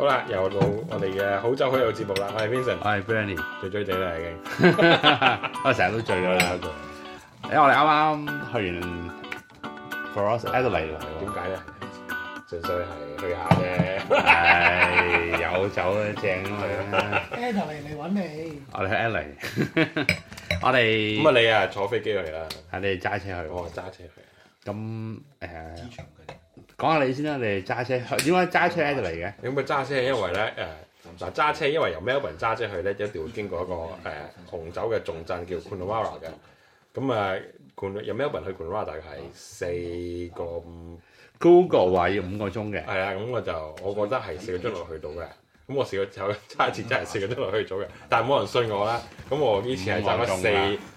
好啦，又到我哋嘅好酒好友節目啦！我係 Vincent，我係 Benny，醉醉哋啦已經，我成日都醉咗啦，佢，因為我哋啱啱去完 Frost Adelaide 喎，點解咧？純粹係去下啫，有酒正啦，Adelaide 嚟揾你，我哋去 Adelaide，我哋咁啊，你啊坐飛機去啦，係你揸車去，我揸車去，咁誒。講下你先啦，你哋揸車點解揸車喺度嚟嘅？點解揸車因為咧誒，嗱、呃、揸、呃呃、車因為由 Melbourne 揸車去咧，一定會經過一個誒、呃、紅酒嘅重鎮叫 Cunawara 嘅。咁、呃、啊，由 Melbourne 去 Cunawara 係四個五。Google 話要五個鐘嘅。係啊，咁我就我覺得係四個鐘落去到嘅。咁我試過有揸一次真係四個鐘落去到嘅，但係冇人信我啦。咁我以前係走咗四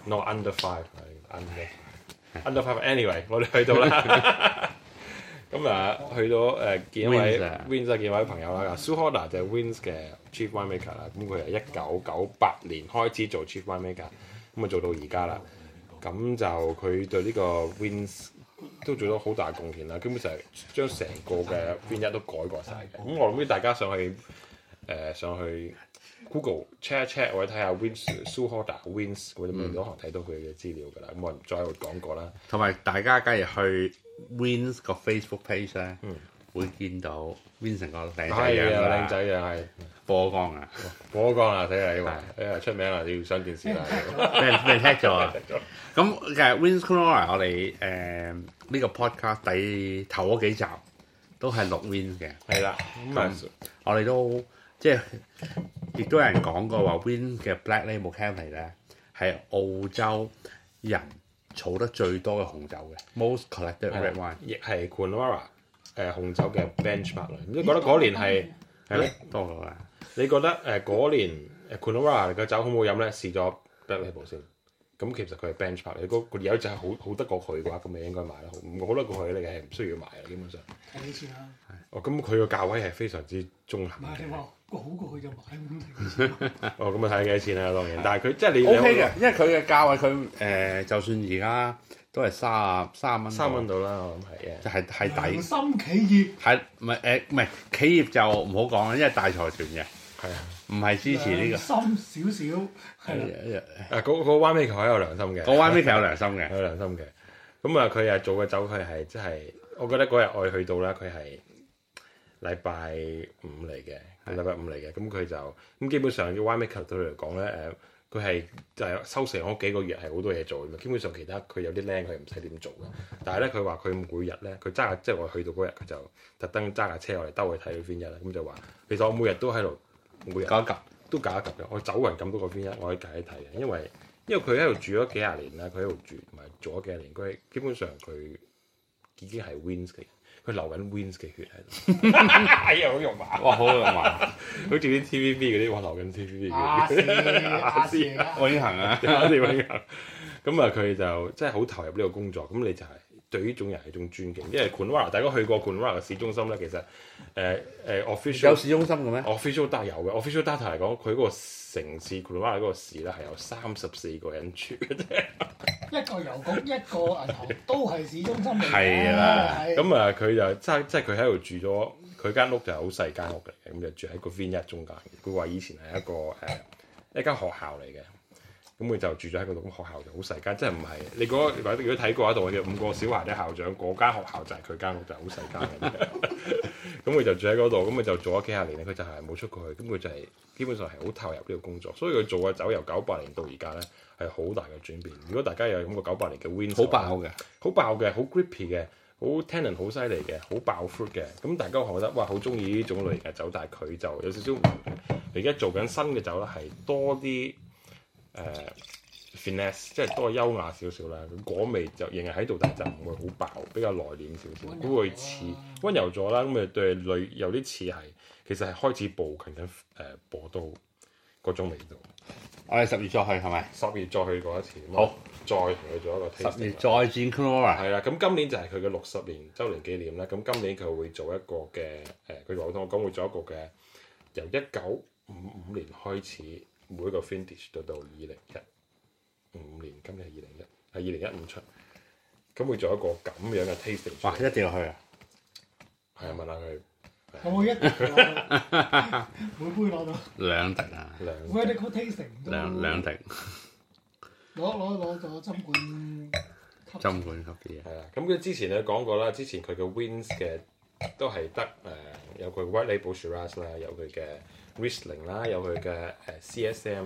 not under five，under under five。anyway，我哋去到啦。 咁啊，去到誒、呃、見一位 Wins 啊，見一位朋友啦。啊、Su ona, Maker, 那 Suhana 就 Wins 嘅 Chief Winemaker 啦，咁佢由一九九八年開始做 Chief Winemaker，咁啊做到而家啦。咁就佢對呢個 Wins 都做咗好大貢獻啦，基本上係將成個嘅 Vineyard 都改過晒。咁我諗啲大家上去誒想、呃、去。Google check 一 check，我睇下 Wins Suholder Wins，我哋面嗰行睇到佢嘅資料㗎啦。咁啊，再講過啦。同埋大家梗係去 Wins 個 Facebook page 咧，會見到 Wins 成個靚仔啊，靚仔又係波光啊，波光啊，睇下呢個，呢個出名啦，要上電視台。俾人俾人 take 咗。咁其實 Wins Corner 我哋誒呢個 podcast 第頭幾集都係錄 Wins 嘅。係啦，我哋都。即係，亦都有人講過話 Wynns 嘅 Black Label Coonawarra 咧係澳洲人儲得最多嘅紅酒嘅，most collected red wine，亦係 Coonawarra 誒紅酒嘅 benchmark。的 ara, 呃、mark, 覺你覺得嗰、呃、年係係咧多好啊？你覺得誒嗰年誒 Coonawarra 嘅酒好唔好飲咧？試咗 Black Label 先，咁其實佢係 benchmark，如果佢有隻係好好得過佢嘅話，咁你應該買得好。唔好得過佢你係唔需要買啦，基本上。係幾錢啊？哦，咁佢個價位係非常之中肯好過佢就買，咁樣哦，咁啊睇幾多錢啊，當然，但係佢即係你 OK 嘅，因為佢嘅價位佢誒就算而家都係三啊三蚊，三蚊到啦，我諗係啊，就係係底良心企業係咪誒？唔係企業就唔好講啦，因為大財團嘅係啊，唔係支持呢個良心少少係啦。嗱嗰嗰 One Piece 係有良心嘅，嗰 One Piece 有良心嘅，有良心嘅咁啊，佢啊做嘅酒，佢係即係我覺得嗰日我去到啦，佢係禮拜五嚟嘅。係禮拜五嚟嘅，咁佢就咁基本上，要 Yummy 球隊嚟講咧，誒，佢係就係收成嗰幾個月係好多嘢做嘅，基本上其他佢有啲靚，佢唔使點做嘅。但係咧，佢話佢每日咧，佢揸即係我去到嗰日，佢就特登揸架車我哋兜去睇佢邊一啦。咁就話其實我每日都喺度，每日搞一集，都搞一集嘅。我走運咁嗰個邊一，我可以解一睇嘅，因為因為佢喺度住咗幾廿年啦，佢喺度住同埋做咗幾廿年，佢基本上佢已經係 Wins 嘅。佢流緊 Wins 嘅血喺度，又好、 哎、肉麻。 哇，好肉麻，好似啲 TVB 嗰啲哇流緊 TVB 嘅血。阿 Sir，阿 Sir，梁永恆啊，永恆。咁啊，佢就真係好投入呢個工作。咁你就係對呢種人係一種尊敬，因為 Coonawarra 大家去過 Coonawarra 嘅市中心啦。其實，誒、呃、誒、呃、official 有市中心嘅咩 official？Official Data 有嘅，Official Data 嚟講，佢嗰個。城市 Gloria 嗰個市咧係有三十四個人住，嘅啫。一個郵局，一個銀行都係市中心嚟嘅。係 啦，咁啊佢就即係即係佢喺度住咗佢間屋就係好細間屋嚟嘅，咁就住喺個 vineyard 中間。佢話以前係一個誒、呃、一間學校嚟嘅，咁佢就住咗喺嗰度。咁、那個、學校就好細間，即係唔係你嗰、那個、如果睇過嗰度嘅五個小孩咧，校長嗰間學校就係佢間屋，就好、是、細間。 咁佢就住喺嗰度，咁佢就做咗幾十年咧，佢就係冇出過去，咁佢就係、是、基本上係好投入呢個工作，所以佢做嘅酒由九八年到而家咧係好大嘅轉變。如果大家有飲過九八年嘅 Win，好爆嘅，好爆嘅，好 grippy 嘅，好 tenon 好犀利嘅，好爆 fruit 嘅，咁大家可能覺得哇好中意呢種類嘅酒，但係佢就有少少，唔同。而家做緊新嘅酒咧係多啲誒。Finesse，即係多是優雅少少啦。果味就仍然喺度，但係就唔會好爆，比較內斂少少。佢會似溫柔咗、啊、啦。咁咪對女有啲似係，其實係開始步近緊誒播到嗰種味道。我哋十月再去係咪？十月再去過一次，好再同佢做一個 tasting，十月再戰，Clara 係啦。咁今年就係佢嘅六十年周年紀念啦。咁今年佢會做一個嘅誒，佢、話、同我講會做一個嘅由一九五五年開始每一個 vintage 到到二零一。五年，今日係二零一，係二零一五出，咁會做一個咁樣嘅 tasting。哇！一定要去啊，係啊，問下佢。我一定每杯攞到兩滴啊，兩。Whitey tasting。兩兩滴。攞攞攞咗針管級。針管級嘅嘢係啦，咁佢之前咧講過啦，之前佢嘅 w i n s 嘅都係得誒有佢 Whitey b o u s h e r a s 啦，有佢嘅 Whistling 啦，有佢嘅誒 CSM。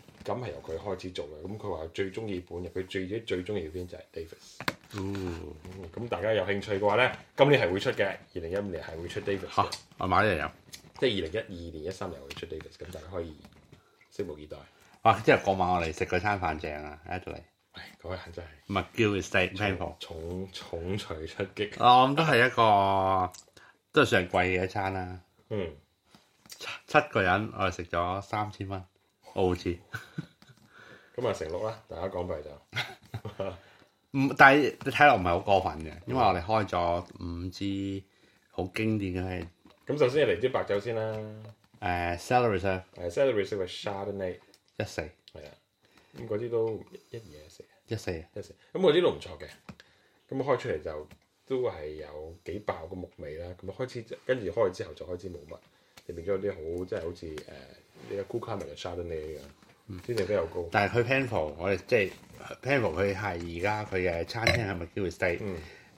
咁係由佢開始做嘅，咁佢話最中意本日，佢最最中意邊就係 Davis。嗯，咁、嗯、大家有興趣嘅話咧，今年係會出嘅，二零一五年係會出 Davis。嚇、啊，慢買一樣，即係二零一二年、一三年會出 Davis，咁大家可以拭目以待。哇、啊！即係嗰晚我哋食嗰餐飯正啊，Adley，嗰個、哎、人真係唔重重錘出擊。哦，咁都係一個都係上貴嘅一餐啦。嗯，個是是啊、嗯七個人我哋食咗三千蚊。五支，咁啊 成六啦，大家講白就，唔， 但係你睇落唔係好過分嘅，因為我哋開咗五支好經典嘅，咁、嗯、首先嚟支白酒先啦，誒 s a l a r y s 啊、uh, 1 4.，誒 s a l a r y e i 同埋 Chardonnay 一四，係啊，咁嗰啲都一嘢四，一四一四，咁嗰啲都唔錯嘅，咁開出嚟就都係有幾爆個木味啦，咁開始跟住開完之後就開始冇乜，就變咗啲好即係好似誒。Uh, 你嘅 Google 咪係 Charity 嘅，天氣、嗯、比較高。但係佢 Penfolds 我哋即係 Penfolds 佢係而家佢嘅餐廳係 Magill Estate。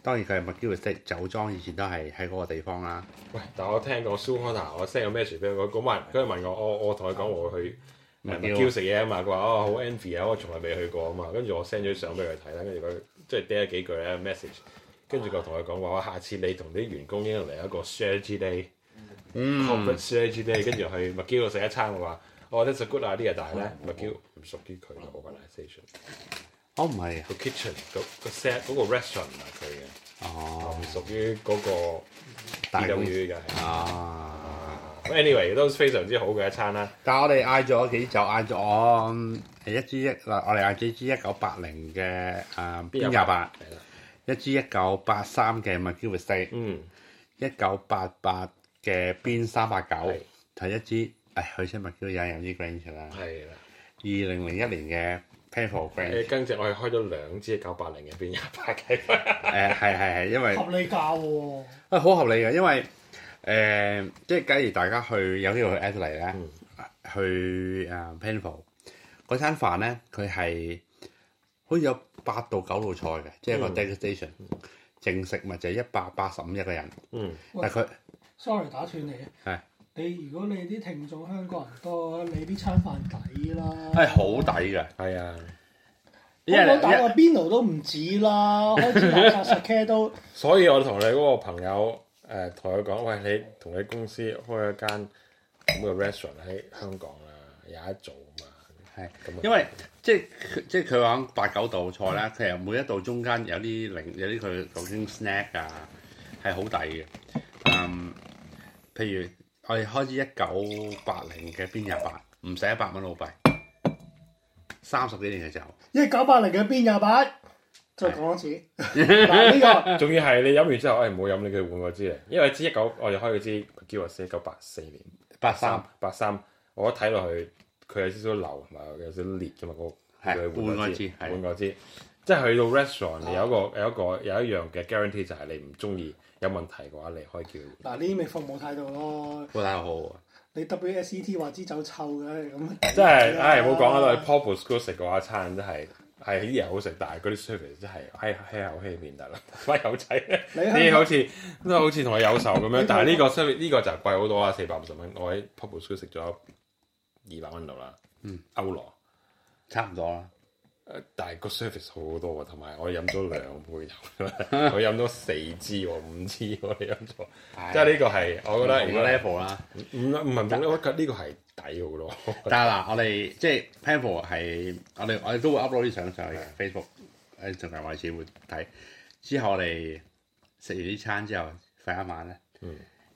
當然佢係 Magill Estate 酒莊，以前都係喺嗰個地方啦。喂，但我聽講 Superstar 我 send 咗 message 俾佢講，問佢問我，我我同佢講我去 Magill 食嘢啊嘛，佢話哦好 envy 啊，en vy，我從來未去過啊嘛，跟住我 send 咗相俾佢睇啦，跟住佢即係嗲咗幾句 message，跟住佢同我講話，下次你同啲員工應唔應嚟一個 Charity Day？嗯，conflict 呢啲咧，跟住去麥基度食一餐嘅話，我覺得係 good idea，但係咧麥基唔屬於佢嘅 organisation。哦，唔係，個 kitchen 個 set 嗰個 restaurant 啊，佢嘅哦，唔屬於嗰個，等於嘅。哦，anyway 都非常之好嘅一餐啦。但係我哋嗌咗幾就嗌咗我係一 G 一，嗱，我哋嗌咗一 G 一九八零嘅啊 B 二八，一 G 一九八三嘅 m g i 麥基弗西，嗯，一九八八。嘅邊三百九，睇一支，哎，去食物都有有啲 Grange 啦，係啦，二零零一年嘅 Penfolds Grange，誒，跟住我哋開咗兩支九百零嘅邊一百幾，誒、 呃，係係係，因為合理價喎、啊，好、啊、合理嘅，因為誒、呃，即係假如大家去有機會去 Adelaide 咧，嗯、去誒 Penfolds 嗰餐飯咧，佢係好似有八到九道菜嘅，即係個 degustation 正食物就一百八十五一個人，嗯，但佢。sorry 打斷你。係是你如果你啲聽眾香港人多，你呢餐飯抵啦。係好抵嘅，係啊！我打個邊爐都唔止啦，開始落架食茄都。 所以我同你嗰個朋友誒，同、呃、佢講：喂，你同你公司開一間咁嘅 restaurant 喺香港啦，有一組嘛。係，因為、嗯、即即佢話八九道菜咧，嗯、其實每一道中間有啲零，有啲佢究竟 snack 啊，係好抵嘅。嗯、um,。譬如我哋開咗一九八零嘅邊廿八，唔使一百蚊澳幣，三十幾年嘅酒。一九八零嘅邊廿八，再講多次。呢是、 呢個，仲要係你飲完之後，我哋唔好飲，你叫換個支嚟，因為支一九，我哋開嘅支叫話四九八四年，八三八三，我睇落去佢有少少流同埋有少少裂嘅嘛，個係換個支，換個支。的即係去到 restaurant，你有一，有，一有一個有一個有一樣嘅 guarantee，就係你唔中意有問題嘅話，你可以叫。嗱，呢啲咪服務態度咯，服太好，好啊！你 WSET 話支酒臭嘅咁。樣啊，即係，唉、哎，唔好講啦。喺 Popo u School 食嗰一餐真係係啲嘢好食，但係嗰啲 service 真係，黑口黑面，大佬，快、 哎、有仔！你，是你好似都好似同我有仇咁樣，哈哈但係呢個 service 呢，呢個就貴好多啊！四百五十蚊，我喺 Popo u School 食咗二百蚊度啦。嗯，歐羅、嗯、差唔多啦。誒，但係個 service 好多喎，同埋我飲咗兩杯酒，我飲咗四支喎，五支我哋飲咗，即係呢個係我覺得如果 level 啦。唔唔係冇 level，呢個係底好咯。但係嗱，我哋即係 panel 係我哋我哋都會 upload 啲相上去 Facebook，誒仲有還是會睇。之後我哋食完啲餐之後，瞓一晚咧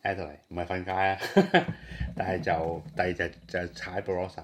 ，at 到嚟唔係瞓街啊，但係就第二日就踩 Barossa。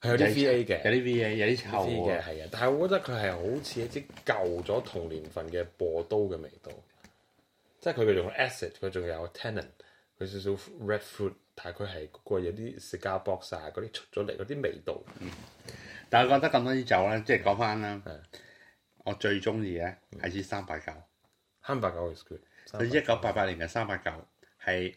係有啲 VA 嘅，有啲 VA，有啲臭嘅，係啊！但係我覺得佢係好似一啲舊咗同年份嘅薄刀嘅味道，即係佢哋用 acid，佢仲有 tannin，佢少少 red fruit，但係佢係個有啲 cigar box 啊嗰啲出咗嚟嗰啲味道。嗯、但係我覺得咁多啲酒咧，即係講翻啦，的我最中意咧係支三八九，三八九 always good 9,。一九八八年嘅三八九係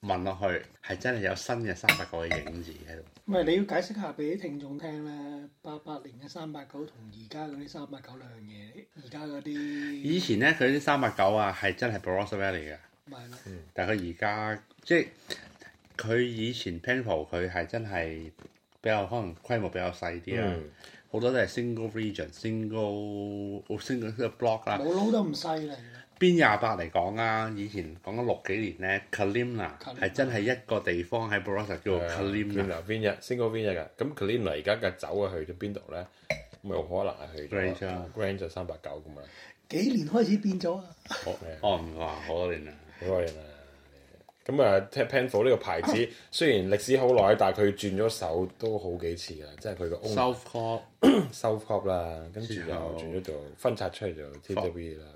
聞落去係真係有新嘅三八九嘅影子喺度。唔係、嗯、你要解釋下俾啲聽眾聽咧，八八年嘅三八九同而家嗰啲三八九兩樣嘢，而家嗰啲。以前咧，佢啲三八九啊，係真係 Barossa Valley 嚟嘅。咪係咯。但係佢而家，即係佢以前 panel 佢係真係比較可能規模比較細啲啊，好、嗯、多都係 single region、oh,、single single block 啦、啊。冇佬得唔細嚟。Bin 28嚟講啊？以前講緊六幾年咧，Kalimna 係真係一個地方喺 Barossa 叫做 Kalimna single 邊日㗎？咁 Kalimna 而家嘅酒啊去咗邊度咧？冇可能係去 Grange，Grange 就三百九咁啊！幾年開始變咗啊？哦，唔話好多年啦，好多年啦。咁啊 Penfolds 呢個牌子雖然歷史好耐，但係佢轉咗手都好幾次啦。即係佢個 Southcorp Southcorp 啦，跟住就轉咗做分拆出嚟做 T W 啦。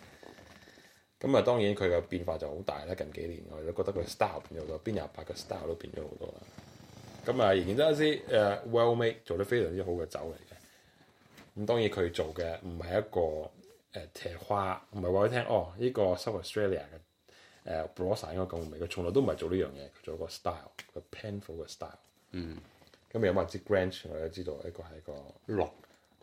咁啊、嗯，當然佢嘅變化就好大啦！近幾年我覺得佢 style 變咗好多，Bin 28嘅 style 都變咗好多啦。咁、嗯、啊，言言則之，誒、呃、Wellmade 做得非常之好嘅酒嚟嘅。咁、嗯、當然佢做嘅唔係一個誒鉛、呃、花，唔係話俾你聽哦，呢、這個 South Australia 嘅誒、呃、Barossa 應該咁味，佢從來都唔係做呢樣嘢，佢做一個 style，個 Penfolds 嘅 style。嗯。咁有冇人知 Grange 我都知道個一個係個 rock。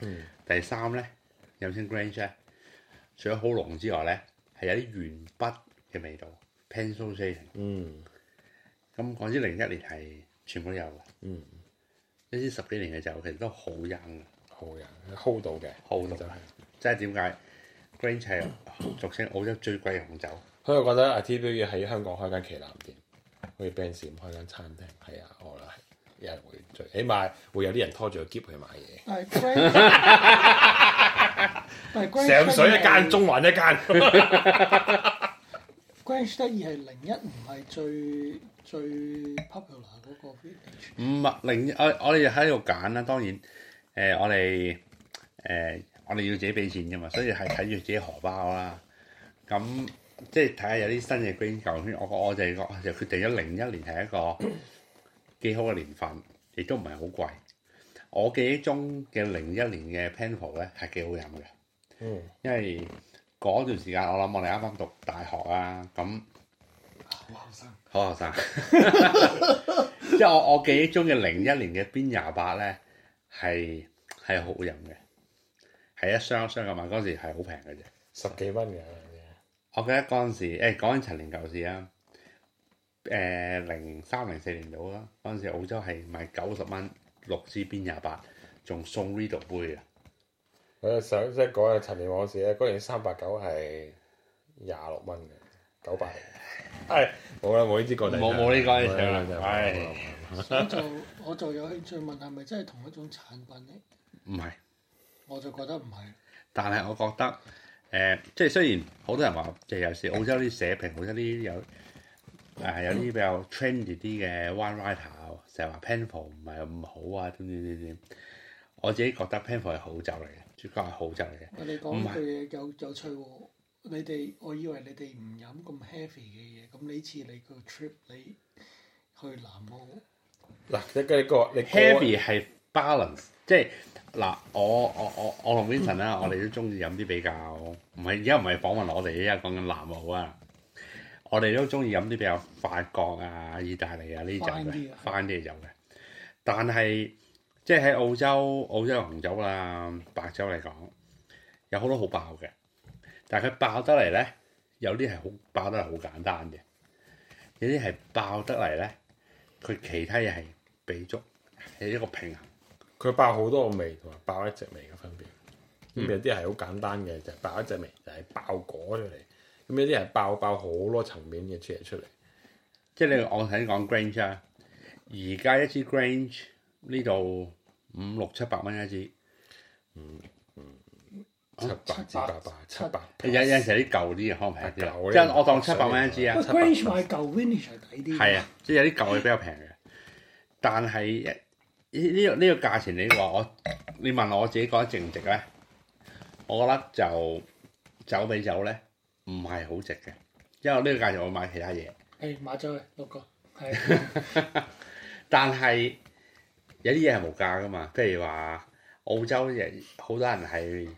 嗯，第三咧，有啲 Grange 咧，除咗好濃之外咧，係有啲鉛筆嘅味道，pencil shading，嗯，咁講之零一年係全部都有嘅。嗯，一啲十幾年嘅酒其實都好飲好飲，hold 到嘅，hold 到就係。即係點解 Grange 係俗稱澳洲最貴嘅紅酒？所以我覺得阿 T B U 喺香港開間旗艦店，好似 Ben Sir 開間餐廳，係啊，我啦。有人會最起碼會有啲人拖住個 keep 去買嘢。上水一間，中環一間。Grange 得意，係零一唔係最最 popular 嗰個 Vintage。唔係零一，我我哋喺度揀啦。當然，誒我哋誒我哋要自己俾錢㗎嘛，所以係睇住自己荷包啦。咁即係睇下有啲新嘅 Grange，我我就係我就決定咗零一年係一個。幾好嘅年份，亦都唔係好貴。我記憶中嘅零一年嘅 Penfolds 咧係幾好飲嘅，嗯，因為嗰段時間我諗我哋啱啱讀大學啊，咁好學生，好學生，即係我我記憶中嘅零一年嘅邊廿八咧係係好飲嘅，係一箱一箱咁嘛，嗰時係好平嘅啫，十幾蚊嘅，我記得嗰陣時，誒，講緊陳年舊事啊。誒零、呃、三零四年度啦，嗰陣時澳洲係賣九十蚊六支變廿八，仲送 Riedel 杯啊！我想即係講下陳年往事咧，嗰年三百九係廿六蚊嘅九百。係冇啦冇呢支過嚟，冇冇呢個嘢啦，係。我就我就有興趣問係咪真係同一種產品咧？唔係，我就覺得唔係。 是但係我覺得誒、呃，即係雖然好多人話，即係有時澳洲啲社評，澳洲啲有。嗯、啊，有啲比較 trend 啲嘅 wine writer 成、啊、日話 penful 唔係咁好啊，點點點點，我自己覺得 penful 係好酒嚟嘅，主角係好酒嚟嘅。你哋講呢句嘢又趣喎！是你哋，我以為你哋唔飲咁 heavy 嘅嘢，咁呢次你個 trip 你去南澳，嗱你嘅個 heavy 係過是 balance，即係嗱我我我我同 Vincent 啦，我哋、嗯、都中意飲啲比較唔係，而家唔係講話我哋，而家講緊南澳啊。我哋都中意飲啲比較法國啊、意大利啊呢種嘅 fine 啲嘅。但係即係喺澳洲澳洲紅酒啊、白酒嚟講，有好多好爆嘅。但係佢爆得嚟咧，有啲係好爆得嚟好簡單嘅，有啲係爆得嚟咧，佢其他嘢係比足，係一個平衡。佢爆好多個味同埋爆一隻味嘅分別。咁、嗯、有啲係好簡單嘅，就係、爆一隻味就係、係、爆果出嚟。咁呢啲人爆爆好多層面嘅嘢出嚟，即係你我頭先講 Grange 啊，而家一支 Grange 呢度五六七百蚊一支，嗯，嗯七百至八百，七百。七百有有時啲舊啲嘅可能平啲，啊啊、即係我當七百蚊一支啊。不但 Grange 買舊 winch 就抵啲。係 700, 但啊，即係有啲舊嘢比較平嘅， 但係呢呢個呢、這個價錢你話我，你問我自己覺得值唔值咧？我覺得就酒比酒咧。唔係好值嘅，因為呢個價錢我去買其他嘢。誒、哎、買咗嘅六個，係。 但係有啲嘢係無價噶嘛，譬如話澳洲人好多人係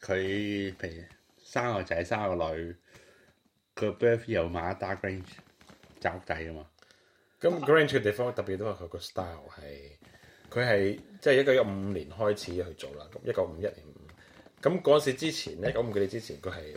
佢譬如生個仔生個女，佢 birth 又買一打 grange 執制啊嘛。咁 grange 個地方特別都係佢個 style 係佢係即係一九一五年開始去做啦。咁一九五一年咁嗰時之前咧，九五幾年之前佢係。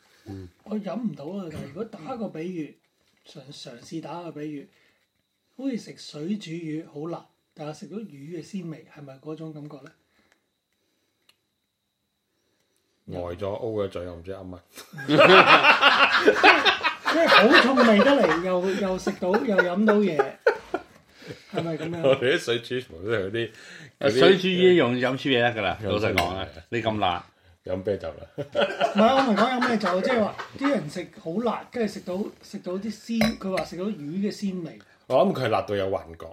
嗯、我飲唔到啊！但係如果打個比喻，嘗嘗試打個比喻，好似食水煮魚好辣，但係食到魚嘅鮮味，係咪嗰種感覺咧？呆咗 O 嘅嘴，又唔知噏乜，即係好重味得嚟，又又食到又飲到嘢，係咪咁樣？我哋啲水煮全部都係嗰啲，水煮魚用飲啲嘢得噶啦。老實講啦，對你咁辣。飲啤酒啦，唔係我唔係講飲啤酒，即係話啲人食好辣，跟住食到食到啲鮮，佢話食到魚嘅鮮味。我諗佢係辣到有幻覺，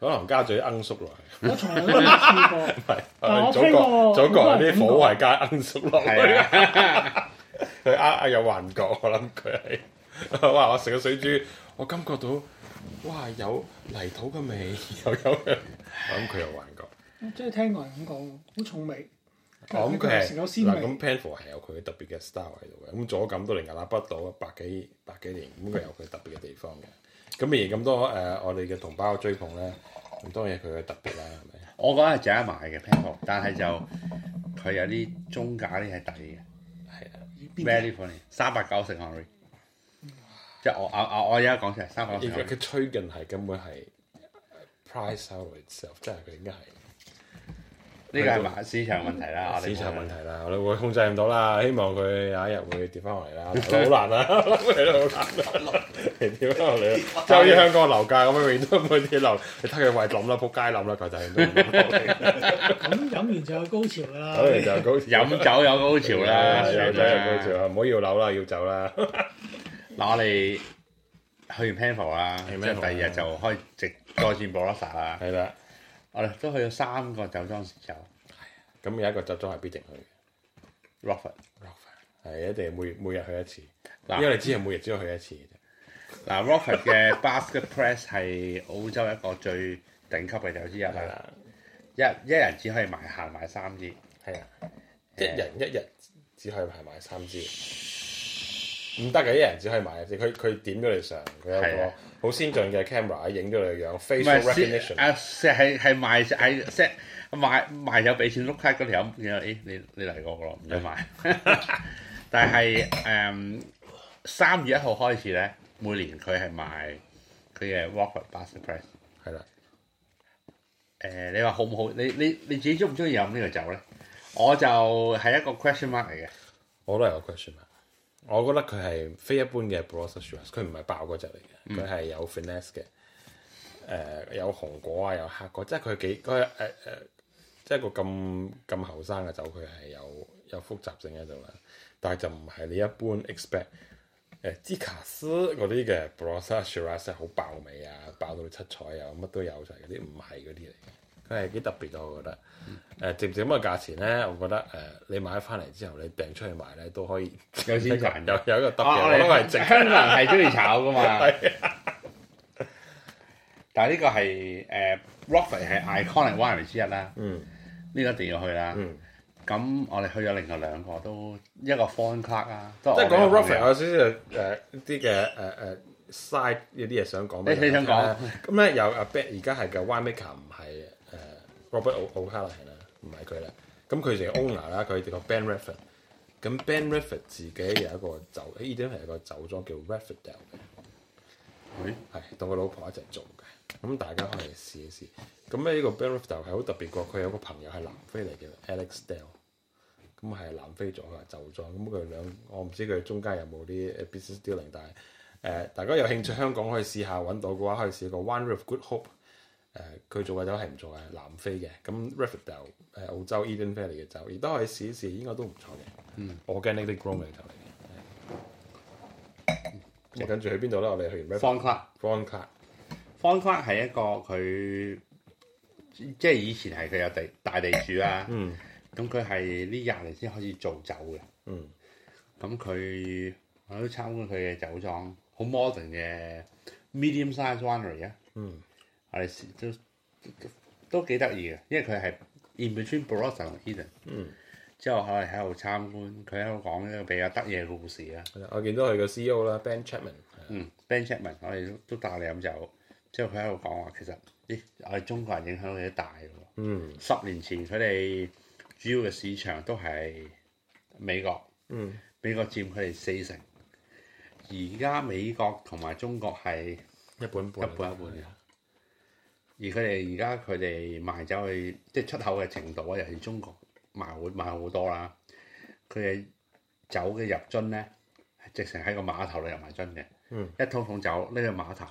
可能加咗啲罌粟落去。我從來都冇試過，唔係祖國祖國啲火鍋係加罌粟落去，佢呃有幻覺。我諗佢係，哇！我食咗水煮，我感覺到哇有泥土嘅味又有，我諗佢有幻覺。即係聽人咁講，好重味。咁佢係嗱咁 Penfolds 係有佢嘅特別嘅 style 喺度嘅，咁左咁都嚟屹立不倒百幾百幾年，咁佢有佢特別嘅地方嘅。咁而咁多誒我哋嘅同胞追捧咧，咁當然佢嘅特別啦，係咪？我覺得係值得買嘅 Penfolds，但係就佢有啲中價啲係抵嘅，係啊。Very funny，三百九成 Henry 即係我我我而家講出嚟三百九成。其實佢趨近係根本係 price out itself，即係佢應該係。呢個係賣市場問題啦，市場問題啦，我哋會控制唔到啦。希望佢有一日會跌翻落嚟啦，好難啊！好難啊！跌翻落嚟，就依香港樓價咁樣永遠都唔會跌樓，你睇佢為諗啦，撲街諗啦，佢就咁飲完就有高潮啦，飲酒有高潮啦，飲酒有高潮，唔好要樓啦，要走啦。嗱我哋去完 Pan 浦啦，即係第二日就開直多線 Barossa 啦，係啦。我哋都去咗三個酒莊試酒，咁有一個酒莊係必定去嘅。Rockford，Rockford 係一定每每日去一次。嗱，因為你知係每日只要去一次嘅啫。嗱 ，Rockford 嘅 Basket Press 係澳洲一個最頂級嘅酒之的的一啦。一一人只可以買行買三支，係啊，一人一日只可以行買三支，唔得嘅，一人只可以買,買的的一支。佢佢的點咗你上，佢有個。好先進嘅 camera 影咗你樣 f a c e b o o k recognition 啊，係係賣喺 set 賣賣有俾錢碌卡嗰條友，你你嚟過個咯，唔使買。 但係誒三月一號開始咧，每年佢係賣佢嘅 w a l k s h o p b i r t h d a y 係啦。誒、呃，你話好唔好？你你你自己中唔中意飲呢個酒咧？我就係一個 question mark 嚟嘅。我都係個 question mark。我覺得佢係非一般嘅 Barossa Shiraz 佢唔係爆嗰隻嚟嘅，佢係有 finesse 嘅，誒、呃、有紅果啊有黑果，即係佢幾佢誒誒，即係個咁咁後生嘅酒佢係有有複雜性喺度啦，但係就唔係你一般 expect 誒、呃、Zicas 嗰啲嘅 Barossa Shiraz 好爆味啊，爆到七彩啊，乜都有就係嗰啲唔係嗰啲嚟嘅。佢係幾特別嘅，我覺得。值唔值？咁嘅價錢咧，我覺得誒，你買翻嚟之後，你掟出去賣咧都可以有市場，有有一個特嘅嗰個值。香港人係中意炒噶嘛？係。但係呢個係誒，Rafael 係 Iconic Winery 嚟之一啦。嗯。呢個一定要去啦。嗯。咁我哋去咗另外兩個都一個 Thorn-Clarke 啊。即係講到 Rafael，我有少少誒啲嘅誒誒 size 有啲嘢想講。你想講？咁咧有阿 Ben 而家係嘅，winemaker 唔係。Robert O'Callaghan 係啦，唔係佢啦。咁佢成 owner 啦，佢哋個 Ben Radford。咁 Ben Radford 自己有一個酒，呢啲係一個酒莊叫 Radford Dale 嘅。嗯。係，係同個老婆一齊做嘅。咁大家可以試一試。咁咧呢個 Ben Radford 係好特別嘅，佢有個朋友係南非嚟嘅 Alex Dale。咁係南非做嘅酒莊，咁佢兩，我唔知佢中間有冇啲 business dealing，但係誒、呃，大家有興趣香港可以試下揾到嘅話，可以試一個 One Roof Good Hope。誒佢、呃、做嘅酒係唔錯嘅，南非嘅。咁 Raffit 就誒澳洲 Eaton 啡嚟嘅酒，亦都可以試一試，應該都唔錯嘅。我驚呢啲 grown 嘅酒嚟嘅。咁跟住去邊度咧？我哋去完 r ale, f ong Clark, f i n c l u b f c l a t f n c l u b 係一個佢即係以前係佢有地大地主啦、啊。咁佢係呢廿年先開始做酒嘅。咁佢、嗯、我都參觀佢嘅酒莊，好 modern 嘅 medium size winery 啊。係都都都幾得意嘅，因為佢係伊曼川、布洛森、伊頓，之後佢哋喺度參觀，佢喺度講一個比較得意嘅故事啊。我見到佢個 CEO 啦，Ben Chapman、嗯。嗯的，Ben Chapman，我哋都都帶嚟飲酒，之後佢喺度講話，其實咦，我哋中國人影響力都大咯。嗯，mm. 十年前佢哋主要嘅市場都係美國，mm. 美國佔佢哋四成。而家美國同埋中國係一半，半一半，半一半一半嘅。而佢哋而家佢哋賣酒去即係出口嘅程度啊，尤其中國賣會賣好多啦。佢哋酒嘅入樽咧，直情喺個碼頭度入埋樽嘅，嗯、一桶桶酒呢個碼頭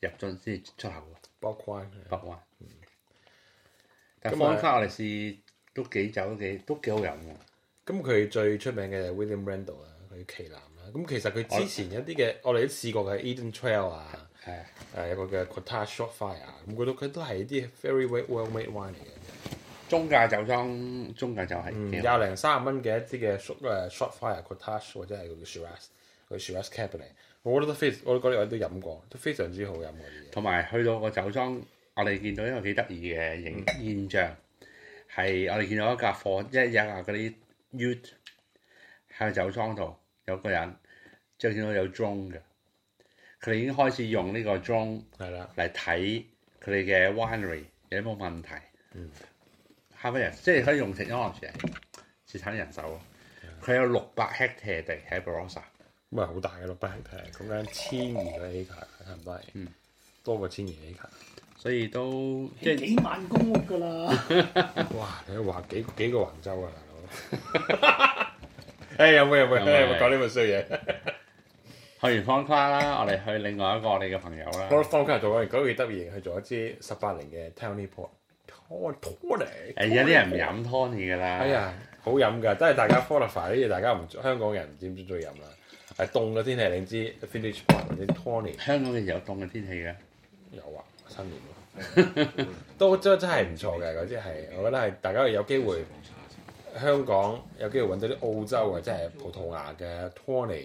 入樽先出口。北灣，北、嗯、灣。咁方卡我哋試都幾酒嘅，都幾好飲喎。咁佢、嗯嗯嗯、最出名嘅 William Randall 啊，佢奇馬。咁其實佢之前有啲嘅，我哋都試過嘅 Eden Trail 啊，係的、啊，有一個叫 q u a t t a r d Short Fire，咁佢都佢都係一啲 very well made wine 嚟嘅。中價酒莊，中價就係廿零三十蚊嘅一啲嘅 Sh、uh, short short fire q u a t t a r d 或者係個叫 Shiraz，個 Shiraz Cabernet 我覺得都非，我都覺得我都飲過，都非常之好飲嗰啲嘢。同埋去到個酒莊，我哋見到一個幾得意嘅影現象，係 我哋見到一架貨，一一啊嗰啲 Yute 喺個 ute, 酒莊度有個人。就係見到有莊嘅，佢哋已經開始用呢個莊嚟睇佢哋嘅 winery 有冇問題？嗯，哈威人即係可以用成長安全，自產人手。佢、嗯、有六百 hectare 地喺 Barossa 咁係好大嘅六百 hectare，咁樣千二個 hectare 係唔得嘅，多嗯，多過千二 hectare 所以都即係幾萬公屋㗎啦。 哇！你話幾個幾個環州㗎、啊、大佬？誒、 hey, 有冇有冇？是是有冇？講呢份衰嘢。去完方框啦，我哋去另外一個我哋嘅朋友啦。我覺得方框做過，而家都幾得意，去做一支十八年嘅 Tawny Port Tony。哎呀，啲人唔飲 Tony 噶啦。哎呀，好飲噶，真係大家 follow 翻呢啲嘢，大家唔香港人唔知唔知鍾意飲啦。係凍嘅天氣，你知 Finish Port Tony。香港嘅有凍嘅天氣嘅有啊，新年 都真真係唔錯嘅嗰支係，尼我覺得係大家有機會香港有機會揾到啲澳洲或者係葡萄牙嘅 Tony。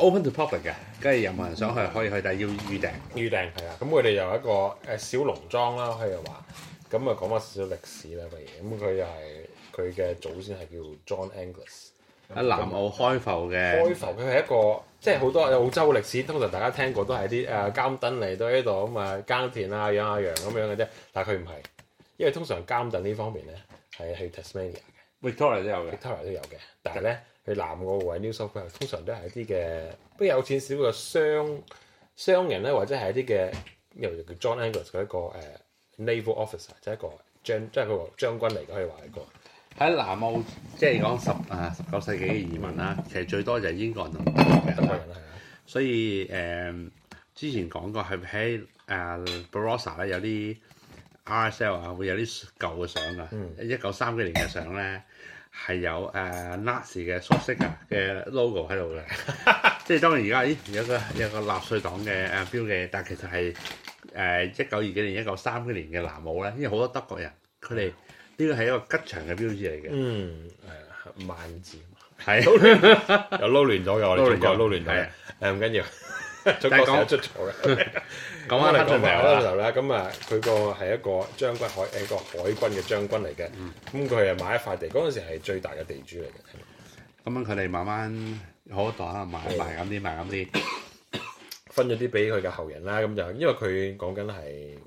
open to public 嘅，跟住有冇人想去可以去，但係要預訂。預訂係啊，咁佢哋又一個誒小農莊啦，可以話，咁啊講翻少少歷史啦，譬如、就是，咁佢又係佢嘅祖先係叫 John Angus，喺南澳開埠嘅。開埠，佢係一個即係好多澳洲歷史，通常大家聽過都係啲誒耕墾嚟到呢度咁啊耕田啊養下羊咁樣嘅啫，但係佢唔係，因為通常耕墾呢方面咧係去 Tasmania 嘅。Victoria 都有嘅，Victoria 都有嘅，但係咧。去南澳位 New South Wales 通常都係一啲嘅，不如有錢少嘅商商人咧，或者係一啲嘅，又叫 John Angus 就一個誒、呃、naval officer，就一個將即係一個將軍嚟嘅，可以話係一個。喺南澳即係講十啊十九世紀嘅移民啦，其實最多就係英國人同美國人，啊、所以誒、呃、之前講過係喺誒 Barossa 咧有啲 RSL 啊，會有啲舊嘅相啊，一九三幾年嘅相咧。係有誒 Nazi 嘅縮寫嘅 logo 喺度嘅， 即係當然而家咦有個有個納粹黨嘅誒標嘅，但其實係誒一九二幾年一九三幾年嘅南武啦，因為好多德國人佢哋呢個係一個吉祥嘅標誌嚟嘅。嗯，係萬字，係是 又撈亂咗，又撈亂咗，撈亂咗，誒唔緊要，中國成日是 出錯嘅。 講翻嚟，講埋啦咁啊，佢個係一個將軍海，係一個海軍嘅將軍嚟嘅。咁佢係買一塊地，嗰陣時係最大嘅地主嚟嘅。咁樣佢哋慢慢好代啊，買買啱啲，買啱啲， 分咗啲俾佢嘅後人啦。咁就因為佢講緊係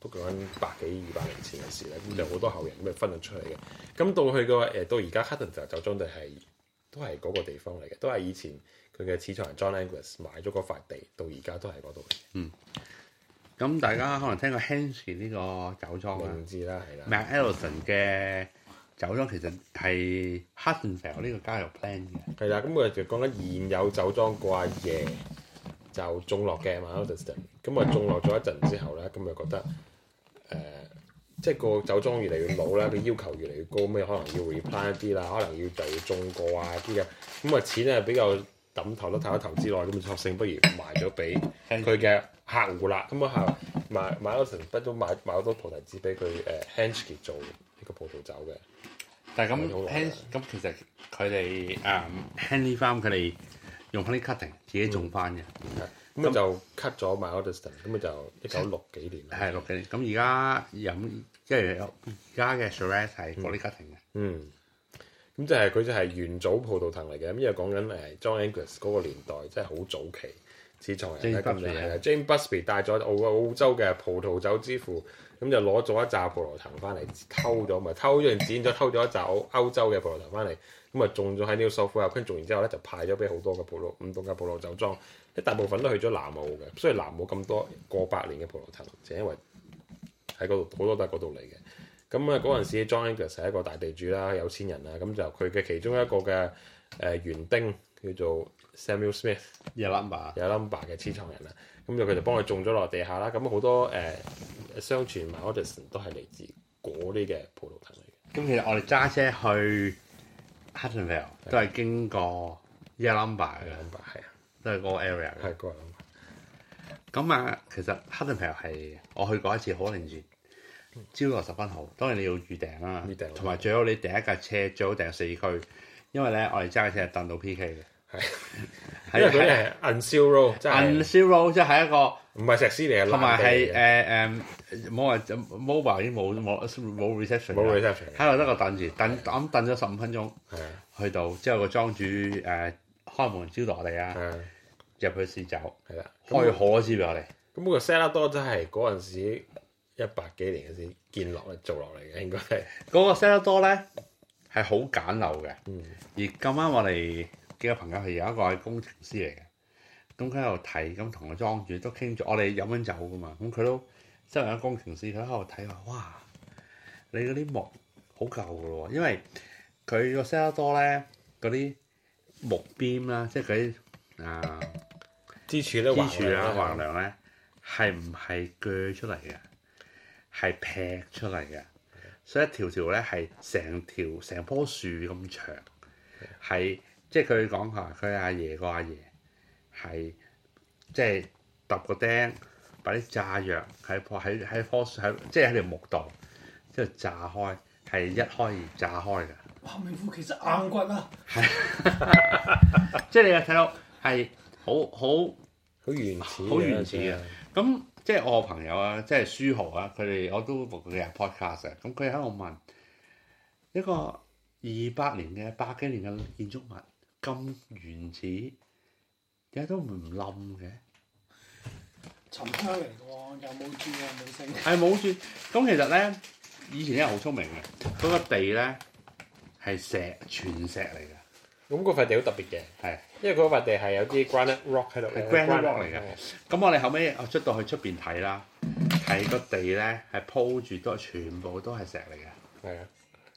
都講緊百幾二百年前嘅事咧，咁就好多後人咁咪、嗯、分咗出去嘅。咁到去個誒，到而家 Hutton 就就將地係都係嗰個地方嚟嘅，都係以前佢嘅始創人 John Angus Ang Ang Ang 買咗嗰塊地，到而家都係嗰度。嗯。 咁大家可能聽過 Hansy 呢個酒莊啊，唔知啦，係啦，MacAllison 嘅酒莊其實係 Hudsonville 呢個郊野 plan 嘅。係啦，咁佢就講緊現有酒莊過夜就種落嘅嘛 MacAllison 咁啊種落咗一陣之後咧，咁就覺得誒，即係個酒莊越嚟越老啦，佢要求越嚟越高，咩可能要 replant 一啲啦，可能要就要種過啊啲嘅。咁啊錢咧比較。抌頭都抌咗投資落去，咁索性不如賣咗俾佢嘅客戶啦。咁啊後買買咗成筆都買買好多葡提子俾佢誒 Henschke 那做呢個葡萄酒嘅。但係咁咁其實佢哋誒 Henny Farm 佢哋用翻啲 Cutting 自己種翻嘅，咁就 cut 咗買咗啲 stone 咁咪就一九六幾年啦。係六幾年。咁而家飲即係而家嘅 Shiraz 係啲 Cutting 嘅。嗯。咁就係佢就係元祖葡萄藤嚟嘅，咁因為講緊誒 John Angus 嗰個年代，即係好早期始創人咧咁嚟 James Busby 帶咗澳澳洲嘅葡萄酒之父，咁就攞咗一紮葡萄藤翻嚟偷咗，咪偷咗剪咗，偷咗一紮歐洲嘅葡萄藤翻嚟，咁啊種咗喺呢個受苦亞區，種完之後咧就派咗俾好多嘅葡萄，唔同嘅葡萄酒莊，一大部分都去咗南澳嘅，所以南澳咁多過百年嘅葡萄藤，就因為喺嗰度好多都係嗰度嚟嘅。咁啊，嗰陣時 John Angas 係一個大地主啦，有錢人啦，咁就佢嘅其中一個嘅誒、呃、園丁叫做 Samuel Smith, Smith, Yalumba, Yalumba 嘅始創人啦，咁就佢就幫佢種咗落地下啦，咁好多誒、呃、相傳埋 Odysseus 都係嚟自嗰啲嘅葡萄藤嚟。咁其實我哋揸車去 Hutton Vale 都係經過 Yalumba 嘅，係啊、er，ar，都係嗰個 area 嘅。係嗰、那個、Yalumba。咁啊，其實 Hutton Vale 係我去過一次可能住。招待十分好，當然你要預訂啦，預訂，同埋最好你訂一架車，最好訂四驅，因為咧我哋揸嘅車係等到 PK 嘅，係，因為佢係 unsealed road，真係 unsealed road，即係一個唔係石屎嚟嘅，同埋係誒誒，冇話 mobile 已經冇冇冇 reception，冇 reception，喺度得個等住，等咁等咗十五分鐘，去到之後個莊主誒開門招待我哋啊，入去試酒，係啦，開火先俾我哋，咁個 cellar door 真係嗰陣一百幾年先建落嚟做落嚟嘅，應該係嗰個 cellar door 咧係好簡陋嘅。嗯，而今晚我哋幾個朋友係有一個係工程師嚟嘅，咁佢喺度睇咁，同我莊主都傾咗。我哋飲緊酒噶嘛，咁佢都即係有工程師，佢喺度睇話：哇，你嗰啲木好舊噶喎，因為佢個 cellar door 咧嗰啲木邊啦，即係佢啊支柱咧、橫梁咧、啊，係唔係鋸出嚟嘅？係劈出嚟嘅，所以一條條咧係成條成棵樹咁長，係即係佢講嚇，佢阿、就是、爺個阿爺係即係揼個釘，擺啲炸藥喺棵喺喺棵樹喺即係喺條木度，之後炸開係一開二炸開㗎。哇！名副其實硬骨啊！即係你又睇到係好好好原始、好原始啊。咁的。 即係我朋友啊，即係書豪啊，佢哋我都讀佢嘅 podcast 啊。咁佢喺度問一個二百年嘅百幾年嘅建築物咁原始，點解都唔冧嘅？沉香嚟嘅喎，又冇柱又冇升。係冇 柱。咁其實咧，以前啲人好聰明嘅，嗰、嗰個地咧係石全石嚟。咁個塊地好特別嘅，係的，因為嗰塊地係有啲 granite rock 喺度嘅，granite rock 嚟嘅。咁我哋後尾我出到去出邊睇啦，係個地咧係鋪住都全部都係石嚟嘅。係啊，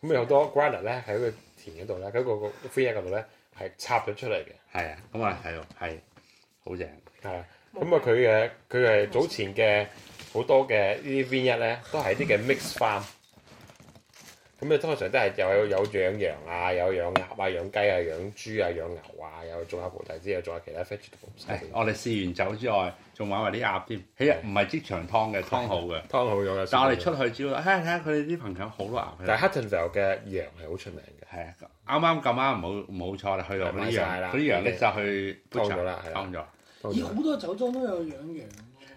咁有好多 granite 咧喺個田嗰度咧，喺、嗰個灰石嗰度咧係插咗出嚟嘅。係啊，咁啊係喎，係，好正。係，咁啊佢嘅佢係早前嘅好多嘅呢啲 vine 咧都係啲嘅 mixed farm。咁誒通常都係又有有養羊啊，有養鴨啊，養雞啊，養豬啊，養牛啊，有做下葡提子，有做下其他 vegetable。誒，我哋試完酒之外，仲玩埋啲鴨添。係啊，唔係即場劏嘅，劏好嘅，劏好咗嘅。但係我哋出去之後，睇下睇下佢哋啲朋友好多鴨。但係黑藤頭嘅羊係好出名嘅。係啊，啱啱咁啱冇冇錯啦，去到嗰啲羊，嗰啲羊你就去劏咗啦，劏咗。而好多酒莊都有養羊。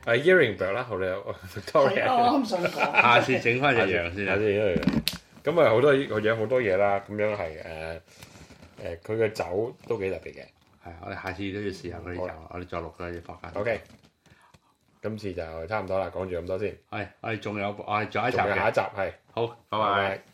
係 Ering Bell 啦，好靚，sorry 下次整翻隻羊先，下次要咁啊，好多嘢好多嘢啦，咁樣係誒誒，佢、呃、嘅酒都幾特別嘅，係我哋下次都要試下佢啲酒，的我哋再錄佢嘅課架。O Okay . K，今次就差唔多啦，講住咁多先。係，我哋仲有，我哋仲有一集嘅。下一集係。好，拜拜。